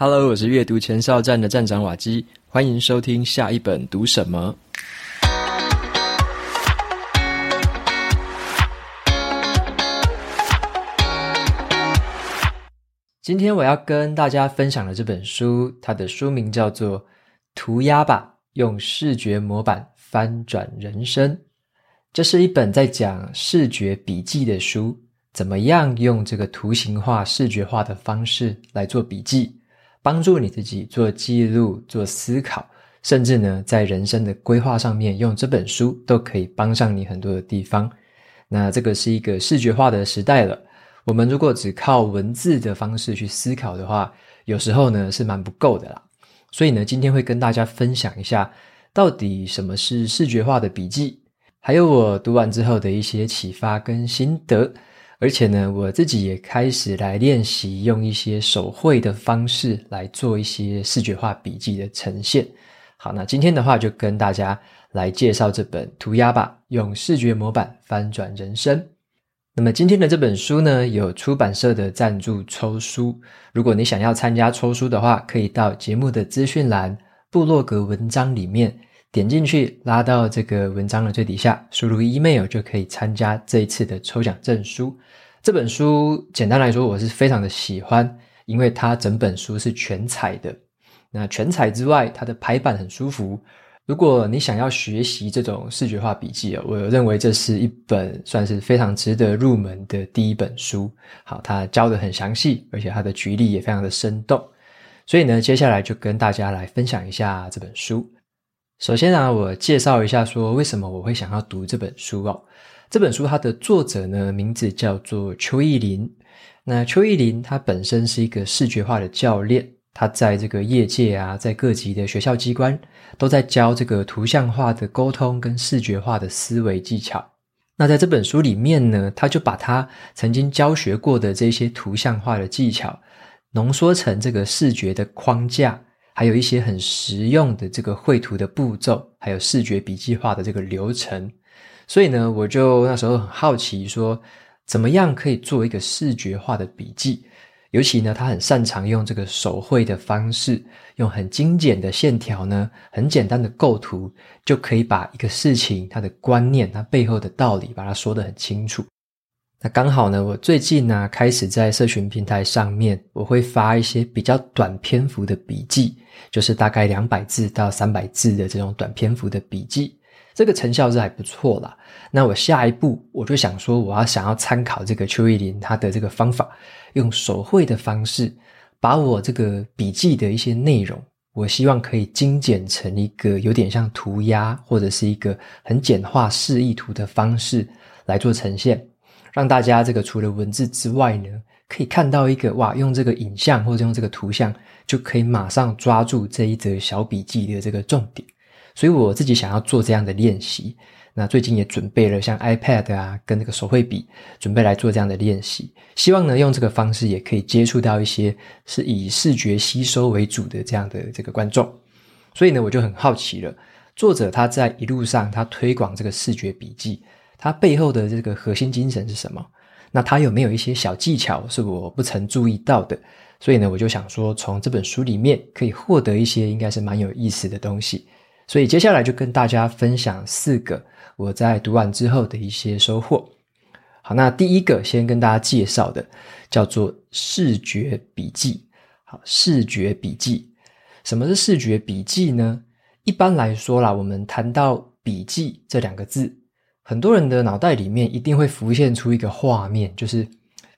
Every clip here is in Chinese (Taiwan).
Hello，我是閱讀前哨站的站長瓦基，歡迎收聽下一本讀什麼。今天我要跟大家分享的這本書，它的書名叫做《塗鴉吧》，用視覺模板翻轉人生。這是一本在講視覺筆記的書，怎麼樣用這個圖形化、視覺化的方式來做筆記？幫助你自己做記錄、做思考，甚至呢，在人生的規劃上面，用這本書都可以幫上你很多的地方。那這個是一個視覺化的時代了，我們如果只靠文字的方式去思考的話，有時候呢是蠻不夠的啦。所以呢，今天會跟大家分享一下，到底什麼是視覺化的筆記，還有我讀完之後的一些啟發跟心得。而且呢，我自己也開始來練習用一些手繪的方式來做一些視覺化筆記的呈現。好，那今天的話就跟大家來介紹這本塗鴉吧，用視覺模板翻轉人生。那麼今天的這本書呢，有出版社的贊助抽書。如果你想要參加抽書的話，可以到節目的資訊欄，部落格文章裡面。點進去，拉到這個文章的最底下，輸入 email 就可以參加這一次的抽獎贈書。這本書，簡單來說，我是非常的喜歡，因為它整本書是全彩的。那全彩之外，它的排版很舒服。如果你想要學習這種視覺化筆記啊，我認為這是一本算是非常值得入門的第一本書。好，它教的很詳細，而且它的舉例也非常的生動。所以呢，接下來就跟大家來分享一下這本書。首先呢、啊，我介紹一下，說為什麼我會想要讀這本書哦。這本書它的作者呢，名字叫做邱奕霖。那邱奕霖他本身是一個視覺化的教練，他在這個業界啊，在各級的學校機關都在教這個圖像化的溝通跟視覺化的思維技巧。那在這本書裡面呢，他就把他曾經教學過的這些圖像化的技巧濃縮成這個視覺的框架。還有一些很實用的這個繪圖的步驟，還有視覺筆記化的這個流程。所以呢，我就那時候很好奇說，說怎麼樣可以做一個視覺化的筆記？尤其呢，他很擅長用這個手繪的方式，用很精簡的線條呢，很簡單的構圖，就可以把一個事情它的觀念、它背後的道理，把它說得很清楚。那剛好呢，我最近呢、啊、開始在社群平台上面，我會發一些比較短篇幅的筆記，就是大概兩百字到三百字的這種短篇幅的筆記，這個成效是還不錯啦。那我下一步我就想說，我要想要參考這個邱奕霖他的這個方法，用手繪的方式把我這個筆記的一些內容，我希望可以精簡成一個有點像塗鴉或者是一個很簡化示意圖的方式來做呈現。讓大家這個除了文字之外呢，可以看到一個哇，用這個影像或者用這個圖像，就可以馬上抓住這一則小筆記的這個重點。所以我自己想要做這樣的練習，那最近也準備了像 iPad 啊，跟這個手繪筆，準備來做這樣的練習。希望呢，用這個方式也可以接觸到一些是以視覺吸收為主的這樣的這個觀眾。所以呢，我就很好奇了，作者他在一路上他推廣這個視覺筆記。它背後的這個核心精神是什麼？那它有沒有一些小技巧是我不曾注意到的？所以呢，我就想說，從這本書裡面可以獲得一些應該是蠻有意思的東西。所以接下來就跟大家分享四個我在讀完之後的一些收穫。好，那第一個先跟大家介紹的叫做視覺筆記。好，視覺筆記，什麼是視覺筆記呢？一般來說啦，我們談到筆記這兩個字。很多人的腦袋裡面一定會浮現出一個畫面，就是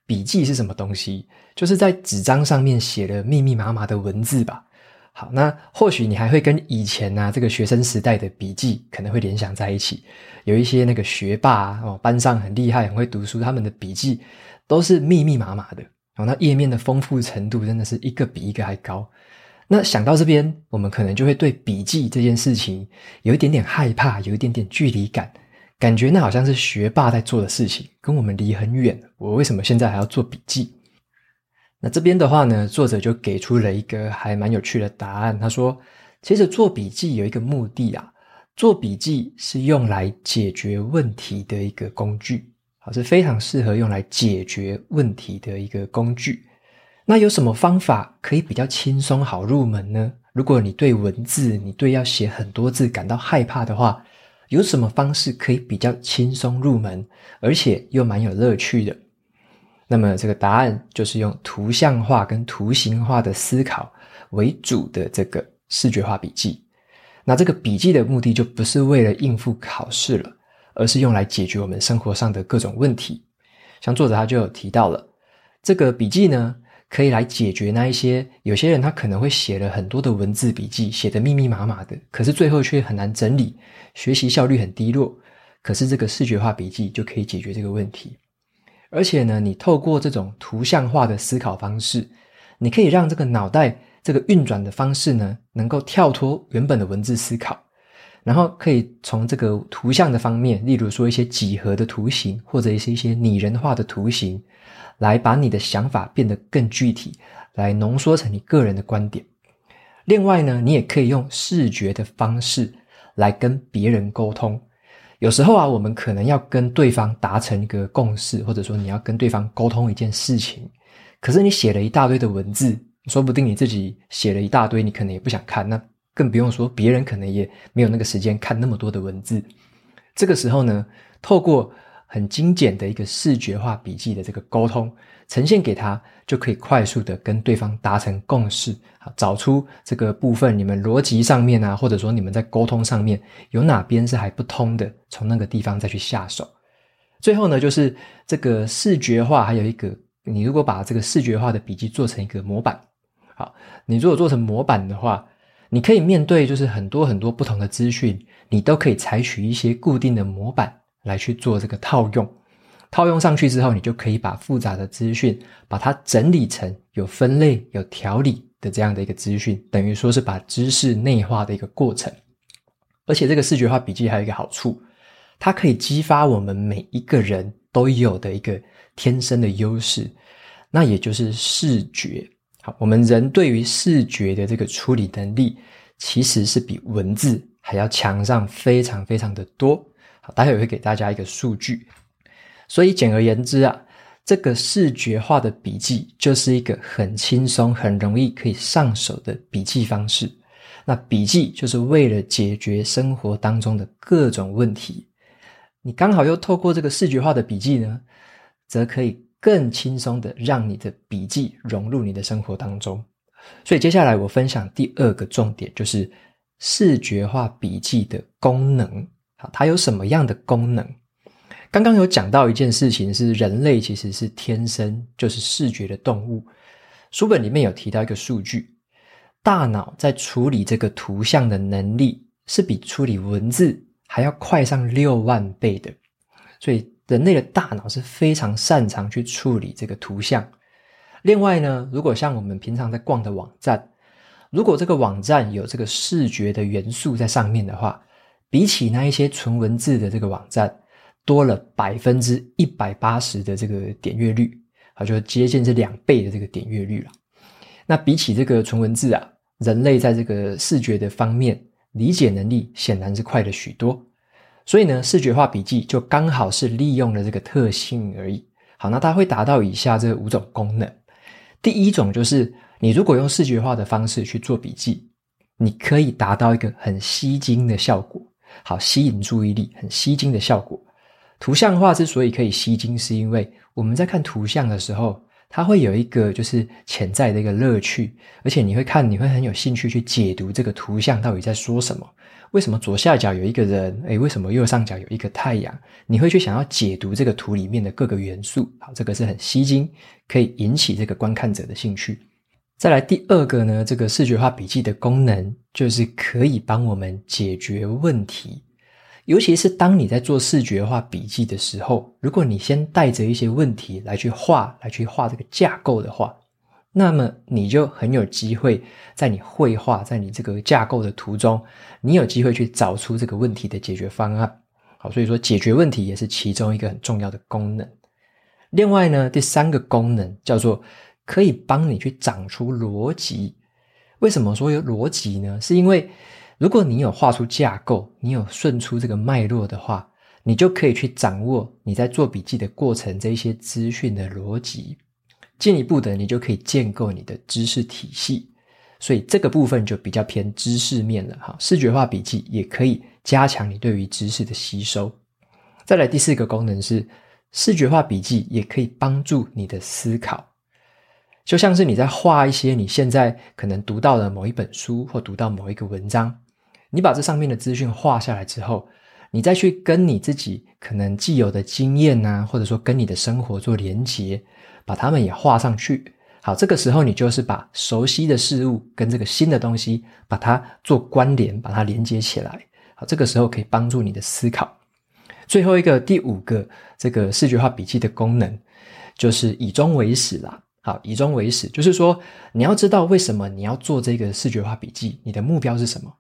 筆記是什麼東西，就是在紙張上面寫了密密麻麻的文字吧。好，那或許你還會跟以前啊，這個學生時代的筆記可能會聯想在一起。有一些那個學霸哦、啊，班上很厲害，很會讀書，他們的筆記都是密密麻麻的哦。那頁面的豐富程度真的是一個比一個還高。那想到這邊，我們可能就會對筆記這件事情有一點點害怕，有一點點距離感。感覺那好像是學霸在做的事情，跟我們離很遠。我為什麼現在還要做筆記？那這邊的話呢，作者就給出了一個還蠻有趣的答案。他說，其實做筆記有一個目的啊，做筆記是用來解決問題的一個工具，是非常適合用來解決問題的一個工具。那有什麼方法可以比較輕鬆好入門呢？如果你對文字、你對要寫很多字感到害怕的話，有什麼方式可以比較輕鬆入門，而且又蠻有樂趣的？那麼這個答案就是用圖像化跟圖形化的思考為主的這個視覺化筆記。那這個筆記的目的就不是為了應付考試了，而是用來解決我們生活上的各種問題。像作者他就有提到了，這個筆記呢，可以來解決那一些，有些人他可能會寫了很多的文字筆記，寫得密密麻麻的，可是最後卻很難整理，學習效率很低落。可是這個視覺化筆記就可以解決這個問題，而且呢，你透過這種圖像化的思考方式，你可以讓這個腦袋，這個運轉的方式呢，能夠跳脫原本的文字思考。然後可以從這個圖像的方面，例如說一些幾何的圖形，或者是一些擬人化的圖形，來把你的想法變得更具體，來濃縮成你個人的觀點。另外呢，你也可以用視覺的方式來跟別人溝通。有時候啊，我們可能要跟對方達成一個共識，或者說你要跟對方溝通一件事情，可是你寫了一大堆的文字，說不定你自己寫了一大堆，你可能也不想看那、啊。更不用說別人可能也沒有那個時間看那麼多的文字。這個時候呢，透過很精簡的一個視覺化筆記的這個溝通呈現給他，就可以快速的跟對方達成共識，好，找出這個部分你們邏輯上面啊，或者說你們在溝通上面有哪邊是還不通的，從那個地方再去下手。最後呢，就是這個視覺化，還有一個，你如果把這個視覺化的筆記做成一個模板，好，你如果做成模板的話。你可以面對就是很多很多不同的資訊，你都可以採取一些固定的模板來去做這個套用。套用上去之後，你就可以把複雜的資訊把它整理成有分類、有條理的這樣的一個資訊，等於說是把知識內化的一個過程。而且這個視覺化筆記還有一個好處，它可以激發我們每一個人都有的一個天生的優勢，那也就是視覺。好，我們人對於視覺的這個處理能力，其實是比文字還要強上非常非常的多。好，待會我會給大家一個數據。所以簡而言之啊，這個視覺化的筆記就是一個很輕鬆、很容易可以上手的筆記方式。那筆記就是為了解決生活當中的各種問題。你剛好又透過這個視覺化的筆記呢，則可以。更輕鬆的讓你的筆記融入你的生活當中，所以接下來我分享第二個重點，就是視覺化筆記的功能。它有什麼樣的功能？剛剛有講到一件事情，是人類其實是天生就是視覺的動物。書本裡面有提到一個數據，大腦在處理這個圖像的能力是比處理文字還要快上六萬倍的，所以。人類的大腦是非常擅長去處理這個圖像。另外呢，如果像我們平常在逛的網站，如果這個網站有這個視覺的元素在上面的話，比起那一些純文字的這個網站，多了百分之一百八十的這個點閱率啊，就接近這兩倍的這個點閱率了。那比起這個純文字啊，人類在這個視覺的方面，理解能力顯然是快了許多。所以呢，視覺化筆記就剛好是利用了這個特性而已。好，那它會達到以下這五種功能。第一種就是，你如果用視覺化的方式去做筆記，你可以達到一個很吸睛的效果，好，吸引注意力，很吸睛的效果。圖像化之所以可以吸睛，是因為我們在看圖像的時候，它會有一個就是潛在的一個樂趣，而且你會看，你會很有興趣去解讀這個圖像到底在說什麼。為什麼左下角有一個人？哎，為什麼右上角有一個太陽？你會去想要解讀這個圖裡面的各個元素。好，這個是很吸睛，可以引起這個觀看者的興趣。再來第二個呢，這個視覺化筆記的功能就是可以幫我們解決問題，尤其是當你在做視覺化筆記的時候，如果你先帶着一些問題來去畫，來去畫這個架構的話。那麼你就很有機會在你繪畫、在你這個架構的途中，你有機會去找出這個問題的解決方案。好，所以說解決問題也是其中一個很重要的功能。另外呢，第三個功能叫做可以幫你去長出邏輯。為什麼說有邏輯呢？是因為如果你有畫出架構，你有順出這個脈絡的話，你就可以去掌握你在做筆記的過程這一些資訊的邏輯。進一步的，你就可以建構你的知識體系，所以這個部分就比較偏知識面了哈。視覺化筆記也可以加強你對於知識的吸收。再來第四個功能是，視覺化筆記也可以幫助你的思考，就像是你在畫一些你現在可能讀到的某一本書或讀到某一個文章，你把這上面的資訊畫下來之後，你再去跟你自己可能既有的經驗啊，或者說跟你的生活做連結。把它們也畫上去。好，這個時候你就是把熟悉的事物跟這個新的東西，把它做關聯，把它連接起來。好，這個時候可以幫助你的思考。最後一個第五個這個視覺化筆記的功能，就是以終為始啦。好，以終為始，就是說你要知道為什麼你要做這個視覺化筆記，你的目標是什麼？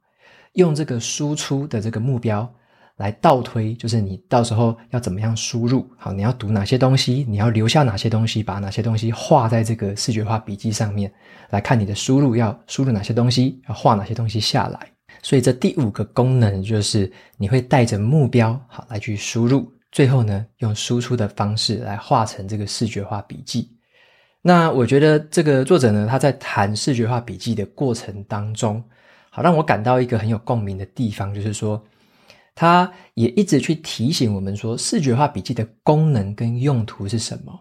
用這個輸出的這個目標，來倒推，就是你到時候要怎麼樣輸入？好，你要讀哪些東西？你要留下哪些東西？把哪些東西畫在這個視覺化筆記上面？來看你的輸入要輸入哪些東西？要畫哪些東西下來？所以這第五個功能就是你會帶着目標好來去輸入，最後呢，用輸出的方式來畫成這個視覺化筆記。那我覺得這個作者呢，他在談視覺化筆記的過程當中，好，讓我感到一個很有共鳴的地方，就是說。他也一直去提醒我們說，視覺化筆記的功能跟用途是什麼？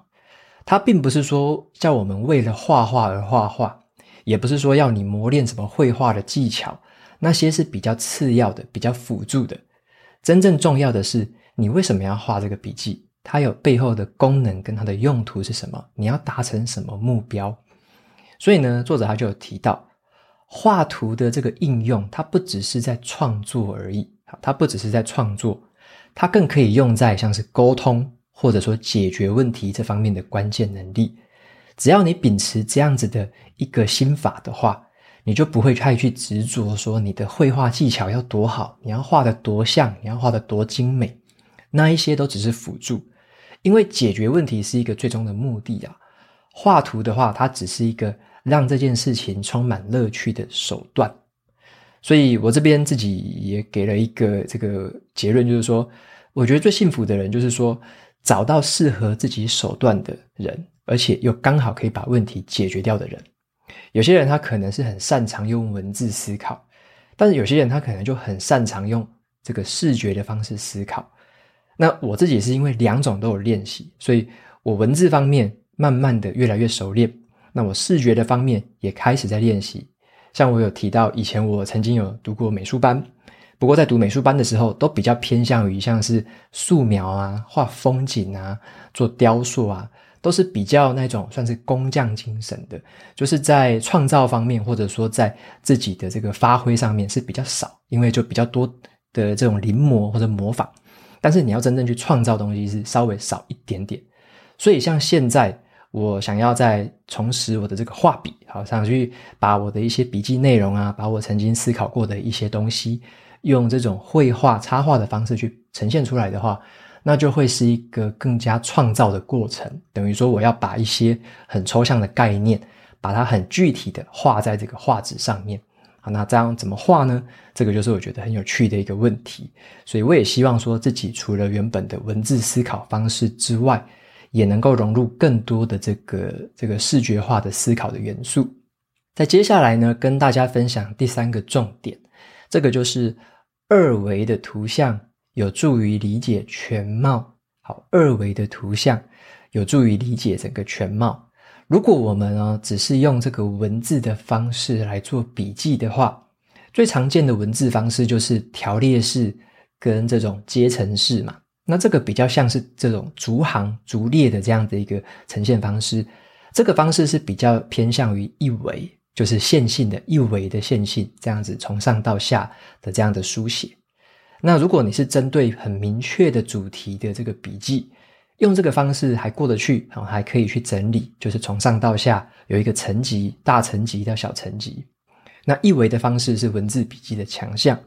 他並不是說叫我們為了畫畫而畫畫，也不是說要你磨練什麼繪畫的技巧，那些是比較次要的、比較輔助的。真正重要的是，你為什麼要畫這個筆記？它有背後的功能跟它的用途是什麼？你要達成什麼目標？所以呢，作者他就有提到，畫圖的這個應用，它不只是在創作而已。它不只是在創作，它更可以用在像是溝通或者說解決問題這方面的關鍵能力。只要你秉持這樣子的一個心法的話，你就不會太去執着說你的繪畫技巧要多好，你要畫得多像，你要畫得多精美，那一些都只是輔助。因為解決問題是一個最終的目的啊，畫圖的話，它只是一個讓這件事情充滿樂趣的手段。所以，我這邊自己也給了一個這個結論，就是說，我覺得最幸福的人，就是說找到適合自己手段的人，而且又剛好可以把問題解決掉的人。有些人他可能是很擅長用文字思考，但是有些人他可能就很擅長用這個視覺的方式思考。那我自己是因為兩種都有練習，所以我文字方面慢慢的越來越熟練，那我視覺的方面也開始在練習。像我有提到，以前我曾經有讀過美術班，不過在讀美術班的時候，都比較偏向於像是素描啊、畫風景啊、做雕塑啊，都是比較那種算是工匠精神的，就是在創造方面，或者說在自己的這個發揮上面是比較少，因為就比較多的這種臨摹或者模仿。但是你要真正去創造的東西，是稍微少一點點。所以像現在。我想要再重拾我的這個畫筆，好，想去把我的一些筆記內容啊，把我曾經思考過的一些東西，用這種繪畫插畫的方式去呈現出來的話，那就會是一個更加創造的過程。等於說，我要把一些很抽象的概念，把它很具體的畫在這個畫紙上面。好，那這樣怎麼畫呢？這個就是我覺得很有趣的一個問題。所以，我也希望說自己除了原本的文字思考方式之外，也能夠融入更多的這個這個視覺化的思考的元素。在接下來呢，跟大家分享第三個重點，這個就是二維的圖像有助於理解全貌。好，二維的圖像有助於理解整個全貌。如果我們呢、哦，只是用這個文字的方式來做筆記的話，最常見的文字方式就是條列式跟這種階層式嘛。那這個比較像是這種逐行、逐列的這樣的一個呈現方式，這個方式是比較偏向於一維，就是線性的一維的線性，這樣子從上到下的這樣的書寫。那如果你是針對很明確的主題的這個筆記，用這個方式還過得去，然後還可以去整理，就是從上到下有一個層級，大層級到小層級。那一維的方式是文字筆記的強項。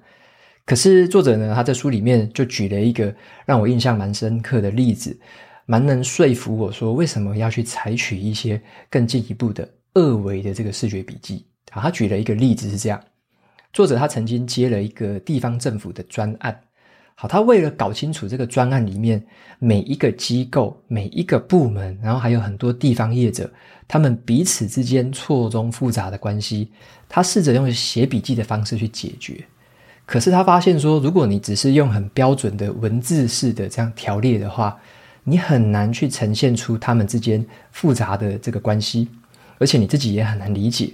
可是作者呢，他在書裡面就舉了一個讓我印象蠻深刻的例子，蠻能說服我說為什麼要去採取一些更進一步的二維的這個視覺筆記。好，他舉了一個例子是這樣：作者他曾經接了一個地方政府的專案，好，他為了搞清楚這個專案裡面每一個機構、每一個部門，然後還有很多地方業者，他們彼此之間錯綜複雜的關係，他試着用寫筆記的方式去解決。可是他發現說，如果你只是用很標準的文字式的這樣條列的話，你很難去呈現出他們之間複雜的這個關係，而且你自己也很難理解。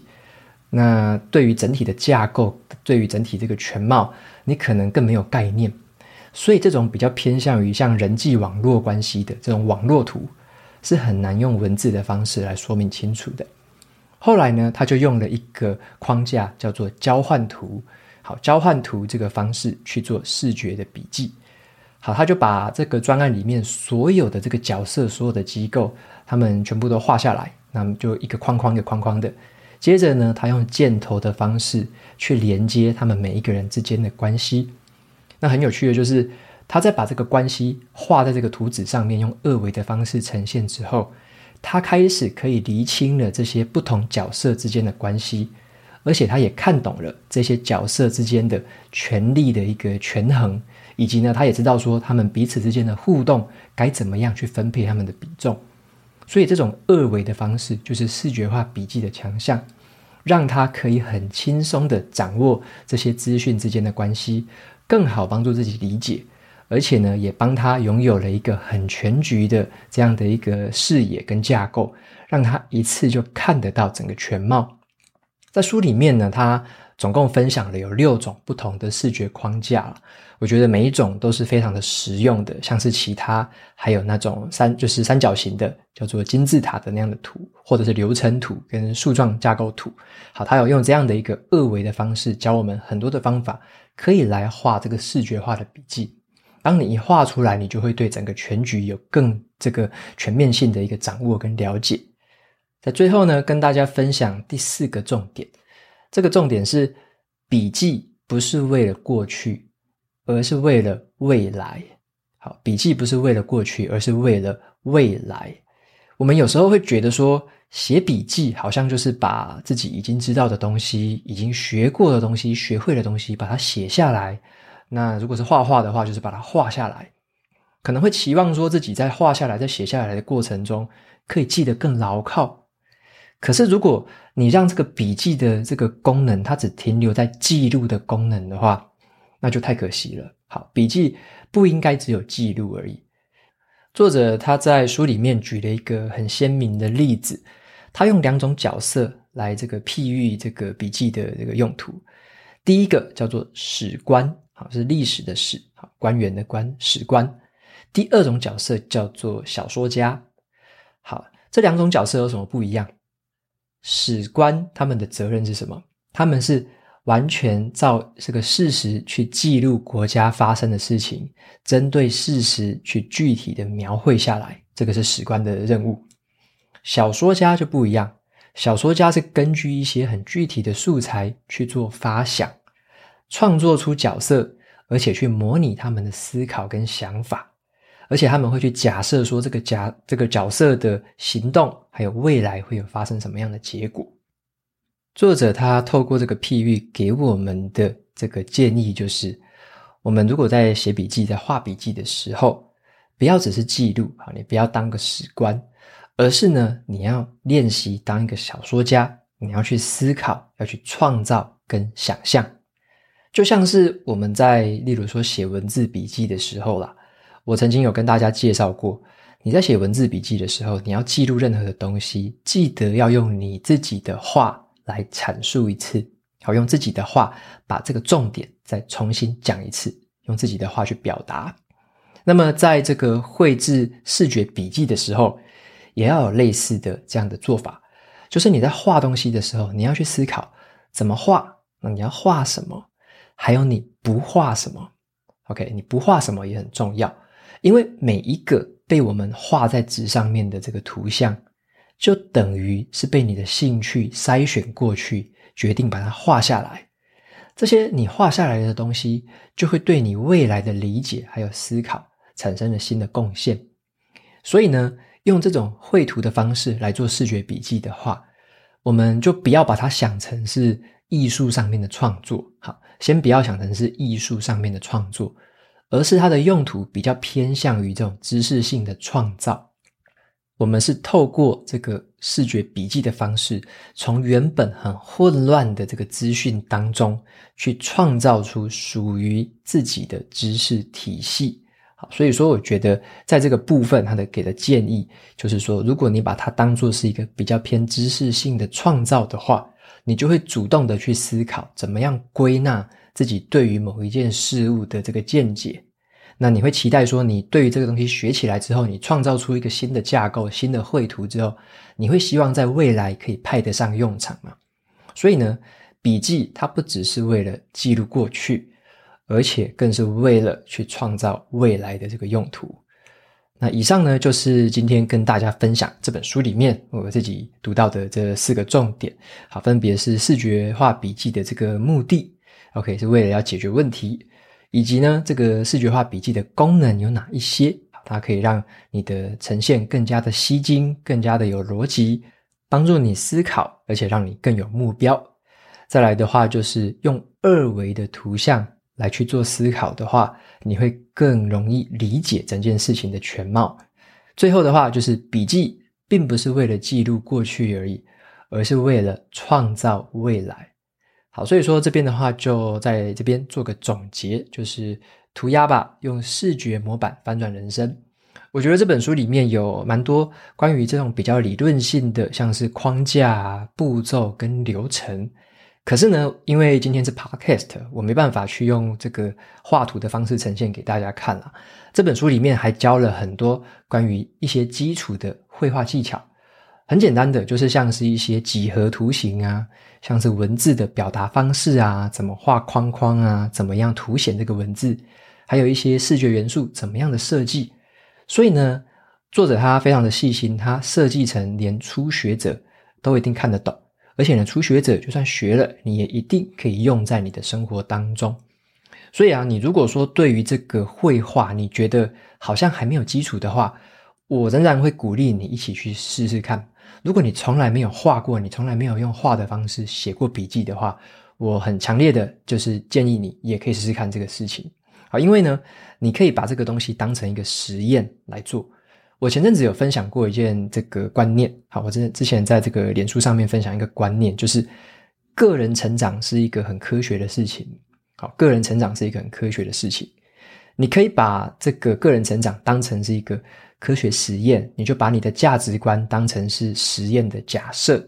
那對於整體的架構，對於整體這個全貌，你可能更沒有概念。所以這種比較偏向於像人際網絡關係的這種網絡圖，是很難用文字的方式來說明清楚的。後來呢，他就用了一個框架，叫做交換圖。好，交換圖這個方式去做視覺的筆記。好，他就把這個專案裡面所有的這個角色、所有的機構，他們全部都畫下來，那麼就一個框框，一個框框的，框框的。接着呢，他用箭頭的方式去連接他們每一個人之間的關係。那很有趣的就是，他在把這個關係畫在這個圖紙上面，用二維的方式呈現之後，他開始可以釐清了這些不同角色之間的關係。而且他也看懂了這些角色之間的權力的一個權衡，以及呢，他也知道說他們彼此之間的互動該怎麼樣去分配他們的比重。所以，這種二維的方式就是視覺化筆記的強項，讓他可以很輕鬆地掌握這些資訊之間的關係，更好幫助自己理解。而且呢，也幫他擁有了一個很全局的這樣的一個視野跟架構，讓他一次就看得到整個全貌。在書裡面呢，他總共分享了有六種不同的視覺框架，我覺得每一種都是非常的實用的。像是其他還有那種三，就是三角形的，叫做金字塔的那樣的圖，或者是流程圖跟樹狀架構圖。好，他有用這樣的一個二維的方式教我們很多的方法，可以來畫這個視覺化的筆記。當你一畫出來，你就會對整個全局有更這個全面性的一個掌握跟了解。在最後呢，跟大家分享第四個重點。這個重點是：筆記不是為了過去，而是為了未來。好，筆記不是為了過去，而是為了未來。我們有時候會覺得說，寫筆記好像就是把自己已經知道的東西、已經學過的東西、學會的東西，把它寫下來。那如果是畫畫的話，就是把它畫下來。可能會期望說自己在畫下來、在寫下來的過程中，可以記得更牢靠。可是，如果你讓這個筆記的這個功能，它只停留在記錄的功能的話，那就太可惜了。好，筆記不應該只有記錄而已。作者他在書裡面舉了一個很鮮明的例子，他用兩種角色來這個譬喻這個筆記的這個用途。第一個叫做史官，啊，是歷史的史，啊，官員的官，史官。第二種角色叫做小說家。好，這兩種角色有什麼不一樣？史官他們的責任是什麼？他們是完全照這個事實去記錄國家發生的事情，針對事實去具體的描繪下來，這個是史官的任務。小說家就不一樣，小說家是根據一些很具體的素材去做發想，創作出角色，而且去模擬他們的思考跟想法。而且他們會去假設說這個假，這個角色的行動，還有未來會有發生什麼樣的結果。作者他透過這個譬喻給我們的這個建議就是：我們如果在寫筆記、在畫筆記的時候，不要只是記錄啊，你不要當個史官，而是呢，你要練習當一個小說家，你要去思考，要去創造跟想象。就像是我們在例如說寫文字筆記的時候啦。我曾經有跟大家介紹過，你在寫文字筆記的時候，你要記錄任何的東西，記得要用你自己的話來闡述一次，好，用自己的話把這個重點再重新講一次，用自己的話去表達。那麼，在這個繪製視覺筆記的時候，也要有類似的這樣的做法，就是你在畫東西的時候，你要去思考怎麼畫，那你要畫什麼，還有你不畫什麼。OK，你不畫什麼也很重要。因為每一個被我們畫在紙上面的這個圖像，就等於是被你的興趣篩選過去，決定把它畫下來。這些你畫下來的東西，就會對你未來的理解還有思考產生了新的貢獻。所以呢，用這種繪圖的方式來做視覺筆記的話，我們就不要把它想成是藝術上面的創作。好，先不要想成是藝術上面的創作。而是它的用途比較偏向於這種知識性的創造。我們是透過這個視覺筆記的方式，從原本很混亂的這個資訊當中，去創造出屬於自己的知識體系。好，所以說我覺得在這個部分，它的給的建議就是說，如果你把它當做是一個比較偏知識性的創造的話，你就會主動的去思考怎麼樣歸納自己對於某一件事物的這個見解，那你會期待說，你對於這個東西學起來之後，你創造出一個新的架構、新的繪圖之後，你會希望在未來可以派得上用場嗎？所以呢，筆記它不只是為了記錄過去，而且更是為了去創造未來的這個用途。那以上呢，就是今天跟大家分享這本書裡面我自己讀到的這四個重點，好，分別是視覺化筆記的這個目的。OK，是為了要解決問題，以及呢，這個視覺化筆記的功能有哪一些？它可以讓你的呈現更加的吸睛，更加的有邏輯，幫助你思考，而且讓你更有目標。再來的話，就是用二維的圖像來去做思考的話，你會更容易理解整件事情的全貌。最後的話，就是筆記並不是為了記錄過去而已，而是為了創造未來。好，所以說這邊的話，就在這邊做個總結，就是塗鴉吧，用視覺模板翻轉人生。我覺得這本書裡面有蠻多關於這種比較理論性的，像是框架、步驟跟流程。可是呢，因為今天是 Podcast，我沒辦法去用這個畫圖的方式呈現給大家看了。這本書裡面還教了很多關於一些基礎的繪畫技巧。很簡單的，就是像是一些幾何圖形啊，像是文字的表達方式啊，怎麼畫框框啊，怎麼樣凸顯這個文字，還有一些視覺元素怎麼樣的設計。所以呢，作者他非常的細心，他設計成連初學者都一定看得懂，而且呢，初學者就算學了，你也一定可以用在你的生活當中。所以啊，你如果說對於這個繪畫你覺得好像還沒有基礎的話，我仍然會鼓勵你一起去試試看。如果你從來沒有畫過，你從來沒有用畫的方式寫過筆記的話，我很強烈的就是建議你也可以試試看這個事情。好，因為呢，你可以把這個東西當成一個實驗來做。我前陣子有分享過一件這個觀念，好，我之前在這個臉書上面分享一個觀念，就是個人成長是一個很科學的事情。好，個人成長是一個很科學的事情，你可以把這個個人成長當成是一個。科學實驗，你就把你的價值觀當成是實驗的假設。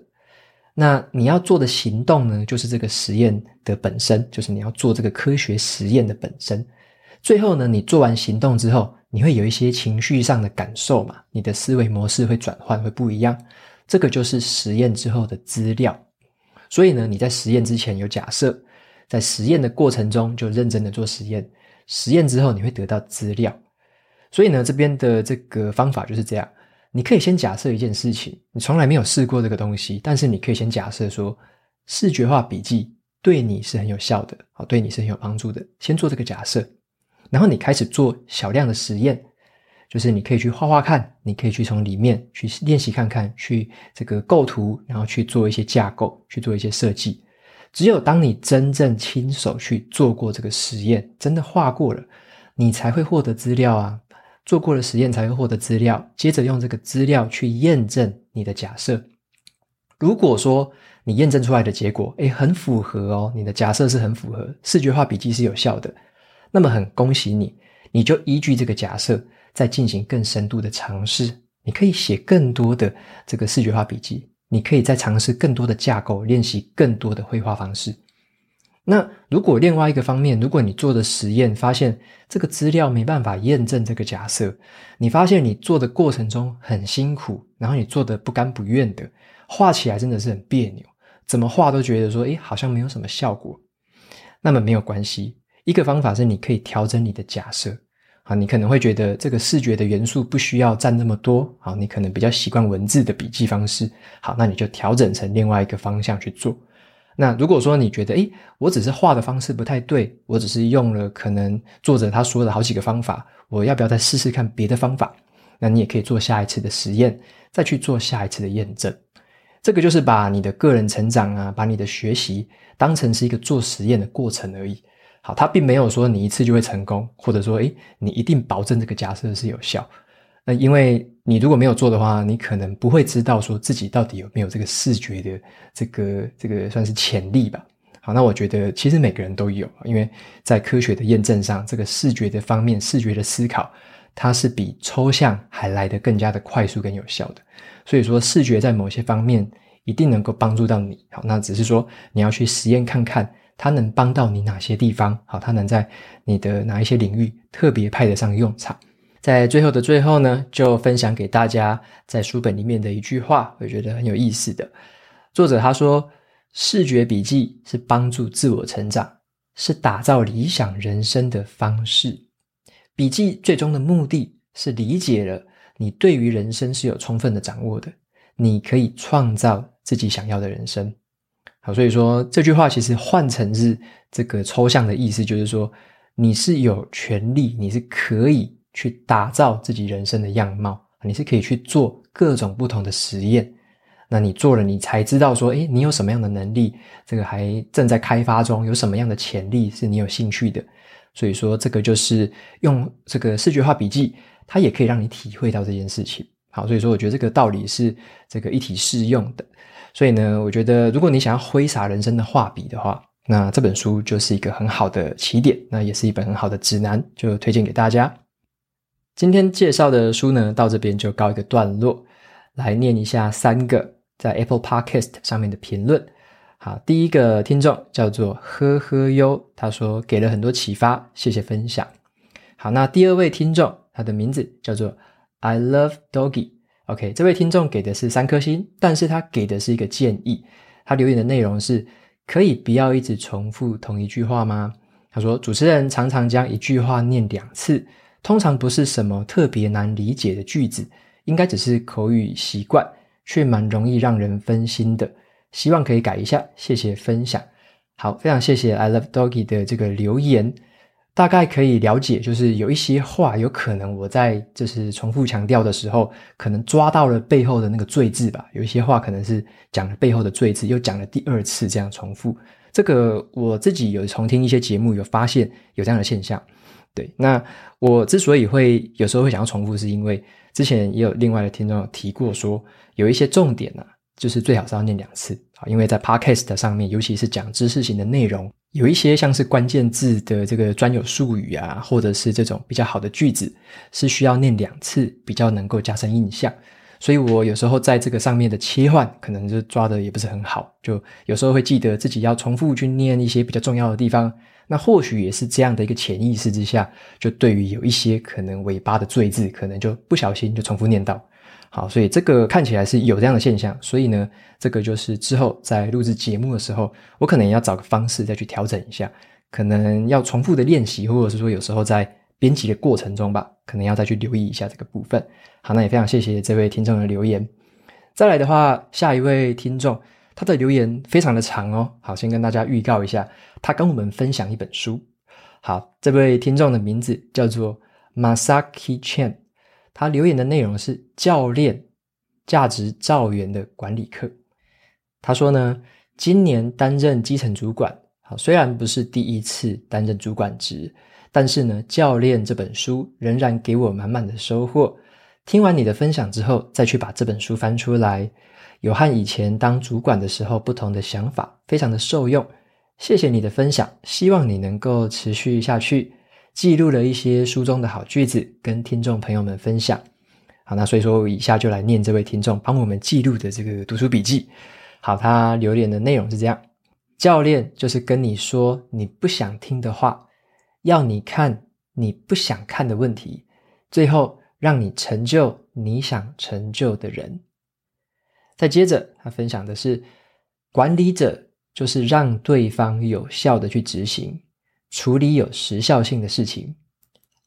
那你要做的行動呢，就是這個實驗的本身，就是你要做這個科學實驗的本身。最後呢，你做完行動之後，你會有一些情緒上的感受嘛，你的思維模式會轉換，會不一樣。這個就是實驗之後的資料。所以呢，你在實驗之前有假設，在實驗的過程中就認真的做實驗，實驗之後你會得到資料。所以呢，這邊的這個方法就是這樣：你可以先假設一件事情，你從來沒有試過這個東西，但是你可以先假設說，視覺化筆記對你是很有效的，好，對你是很有幫助的。先做這個假設，然後你開始做小量的實驗，就是你可以去畫畫看，你可以去從裡面去練習看看，去這個構圖，然後去做一些架構，去做一些設計。只有當你真正親手去做過這個實驗，真的畫過了，你才會獲得資料啊。做過了實驗才會獲得資料，接着用這個資料去驗證你的假設。如果說你驗證出來的結果，誒，很符合哦，你的假設是很符合，視覺化筆記是有效的，那麼很恭喜你，你就依據這個假設，再進行更深度的嘗試。你可以寫更多的這個視覺化筆記，你可以再嘗試更多的架構，練習更多的繪畫方式。那如果另外一個方面，如果你做的實驗發現這個資料沒辦法驗證這個假設，你發現你做的過程中很辛苦，然後你做得不甘不願的，畫起來真的是很彆扭，怎麼畫都覺得說，誒，好像沒有什麼效果。那麼沒有關係，一個方法是你可以調整你的假設，啊，你可能會覺得這個視覺的元素不需要佔那麼多，啊，你可能比較習慣文字的筆記方式，好，那你就調整成另外一個方向去做。那如果說你覺得，哎，我只是畫的方式不太對，我只是用了可能作者他說的好幾個方法，我要不要再試試看別的方法？那你也可以做下一次的實驗，再去做下一次的驗證。這個就是把你的個人成長啊，把你的學習當成是一個做實驗的過程而已。好，他並沒有說你一次就會成功，或者說，哎，你一定保證這個假設是有效。那因為你如果沒有做的話，你可能不會知道說自己到底有沒有這個視覺的這個這個算是潛力吧。好，那我覺得其實每個人都有，因為在科學的驗證上，這個視覺的方面，視覺的思考，它是比抽象還來得更加的快速跟有效的。所以說，視覺在某些方面一定能夠幫助到你。好，那只是說你要去實驗看看，它能幫到你哪些地方？好，它能在你的哪一些領域特別派得上用場？在最後的最後呢，就分享給大家在書本裡面的一句話，我覺得很有意思的。作者他說：“視覺筆記是幫助自我成長，是打造理想人生的方式。筆記最終的目的是理解了你對於人生是有充分的掌握的，你可以創造自己想要的人生。”好，所以說這句話其實換成是這個抽象的意思，就是說你是有權利，你是可以。去打造自己人生的樣貌，你是可以去做各種不同的實驗。那你做了，你才知道說，哎，你有什麼樣的能力？這個還正在開發中，有什麼樣的潛力是你有興趣的？所以說，這個就是用這個視覺化筆記，它也可以讓你體會到這件事情。好，所以說，我覺得這個道理是這個一體適用的。所以呢，我覺得如果你想要揮灑人生的畫筆的話，那這本書就是一個很好的起點，那也是一本很好的指南，就推薦給大家。今天介紹的書呢，到這邊就告一個段落。來念一下三個在 Apple Podcast 上面的評論。好，第一個聽眾叫做呵呵喲，他說給了很多啟發，謝謝分享。好，那第二位聽眾，他的名字叫做 I Love Doggy。OK，這位聽眾給的是三顆星，但是他給的是一個建議。他留言的內容是：可以不要一直重複同一句話嗎？他說主持人常常將一句話念兩次。通常不是什麼特別難理解的句子，應該只是口語習慣，卻蠻容易讓人分心的。希望可以改一下，謝謝分享。好，非常謝謝 I love doggy 的這個留言，大概可以了解，就是有一些話有可能我在就是重複強調的時候，可能抓到了背後的那個“罪”字吧。有一些話可能是講了背後的“罪”字，又講了第二次，這樣重複。這個我自己有重聽一些節目，有發現有這樣的現象。對，那我之所以會有時候會想要重複，是因為之前也有另外的聽眾有提過，說有一些重點呢，啊，就是最好是要念兩次。因為在 Podcast 上面，尤其是講知識型的內容，有一些像是關鍵字的這個專有術語啊，或者是這種比較好的句子，是需要念兩次，比較能夠加深印象。所以，我有時候在這個上面的切換，可能就抓得也不是很好，就有時候會記得自己要重複去念一些比較重要的地方。那或許也是這樣的一個潛意識之下，就對於有一些可能尾巴的贅字，可能就不小心就重複念到。好，所以這個看起來是有這樣的現象。所以呢，這個就是之後在錄製節目的時候，我可能要找個方式再去調整一下，可能要重複的練習，或者是說有時候在，編輯的過程中吧，可能要再去留意一下這個部分。好，那也非常謝謝這位聽眾的留言。再來的話，下一位聽眾，他的留言非常的長哦。好，先跟大家預告一下，他跟我們分享一本書。好，這位聽眾的名字叫做 Masaki Chen，他留言的內容是教練價值兆元的管理課。他說呢，今年擔任基層主管，好，雖然不是第一次擔任主管職。但是呢，《教練》這本書仍然給我滿滿的收穫。聽完你的分享之後，再去把這本書翻出來，有和以前當主管的時候不同的想法，非常的受用。謝謝你的分享，希望你能夠持續下去。記錄了一些書中的好句子，跟聽眾朋友們分享。好，那所以說，我以下就來念這位聽眾幫我們記錄的這個讀書筆記。好，他留言的內容是這樣：教練就是跟你說你不想聽的話。要你看你不想看的問題，最後讓你成就你想成就的人。再接着，他分享的是：管理者就是讓對方有效的去執行，處理有時效性的事情；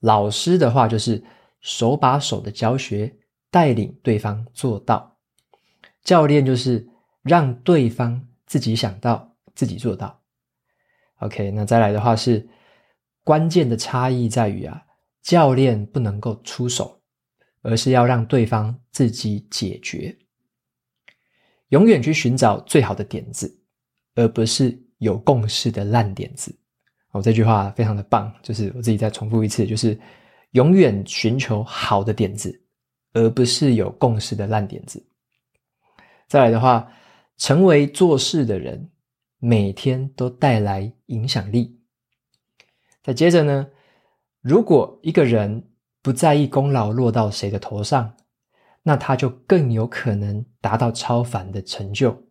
老師的話就是手把手的教學，帶領對方做到；教練就是讓對方自己想到，自己做到。OK，那再來的話是。關鍵的差異在於啊，教練不能夠出手，而是要讓對方自己解決。永遠去尋找最好的點子，而不是有共識的爛點子。哦，這句話非常的棒，就是我自己再重複一次，就是永遠尋求好的點子，而不是有共識的爛點子。再來的話，成為做事的人，每天都帶來影響力。再接着，呢，如果一個人不在意功勞落到誰的頭上，那他就更有可能達到超凡的成就。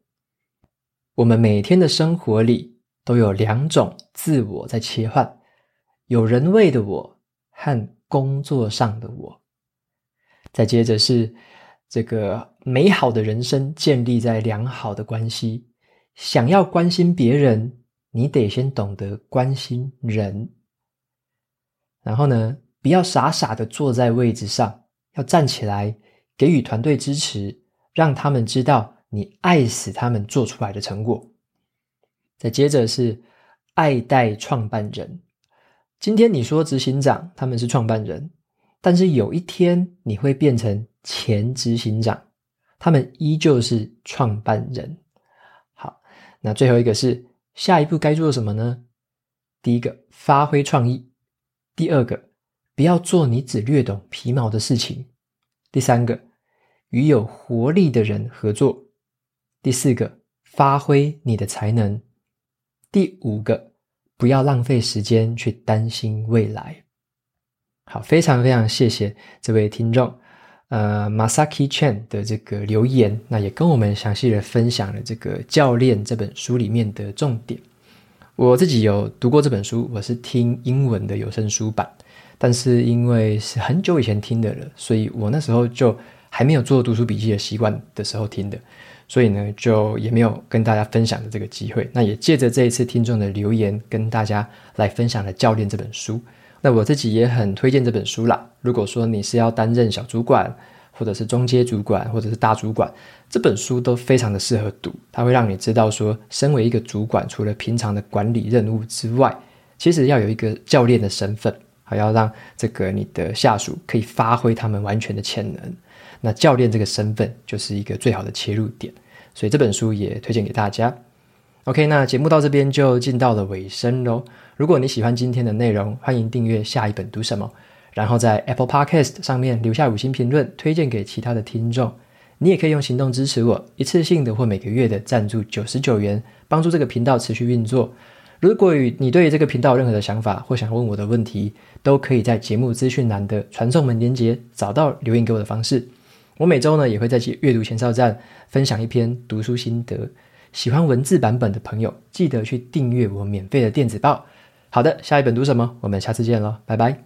我們每天的生活裡都有兩種自我在切換，有人味的我和工作上的我。再接着是，這個美好的人生建立在良好的關係，想要關心別人，你得先懂得關心人。然後呢，不要傻傻的坐在位置上，要站起來給予團隊支持，讓他們知道你愛死他們做出來的成果。再接着是愛戴創辦人，今天你說執行長他們是創辦人，但是有一天你會變成前執行長，他們依舊是創辦人。好，那最後一個是下一步該做什麼呢？第一個發揮創意。第二個，不要做你只略懂皮毛的事情。第三個，與有活力的人合作。第四個，發揮你的才能。第五個，不要浪費時間去擔心未來。好，非常非常謝謝這位聽眾，呃，Masaki Chen 的這個留言，那也跟我們詳細的分享了這個教練這本書裡面的重點。我自己有讀過這本書，我是聽英文的有聲書版，但是因為是很久以前聽的了，所以我那時候就還沒有做讀書筆記的習慣的時候聽的，所以呢，就也沒有跟大家分享的這個機會。那也借着這一次聽眾的留言，跟大家來分享了《教練》這本書。那我自己也很推薦這本書啦。如果說你是要擔任小主管，或者是中階主管，或者是大主管，這本書都非常的適合讀，它會讓你知道說，身為一個主管，除了平常的管理任務之外，其實要有一個教練的身份，還要讓這個你的下屬可以發揮他們完全的潛能。那教練這個身份就是一個最好的切入點，所以這本書也推薦給大家。OK，那節目到這邊就進到了尾聲嘍。如果你喜歡今天的內容，歡迎訂閱下一本讀什麼。然後在 Apple Podcast 上面留下五星評論，推薦給其他的聽眾。你也可以用行動支持我，一次性的或每個月的贊助九十九元，幫助這個頻道持續運作。如果你對於這個頻道有任何的想法或想問我的問題，都可以在節目資訊欄的傳送門連結找到留言給我的方式。我每周呢也會在閱讀前哨站分享一篇讀書心得。喜歡文字版本的朋友，記得去訂閱我免費的電子報。好的，下一本讀什麼？我們下次見嘍，拜拜。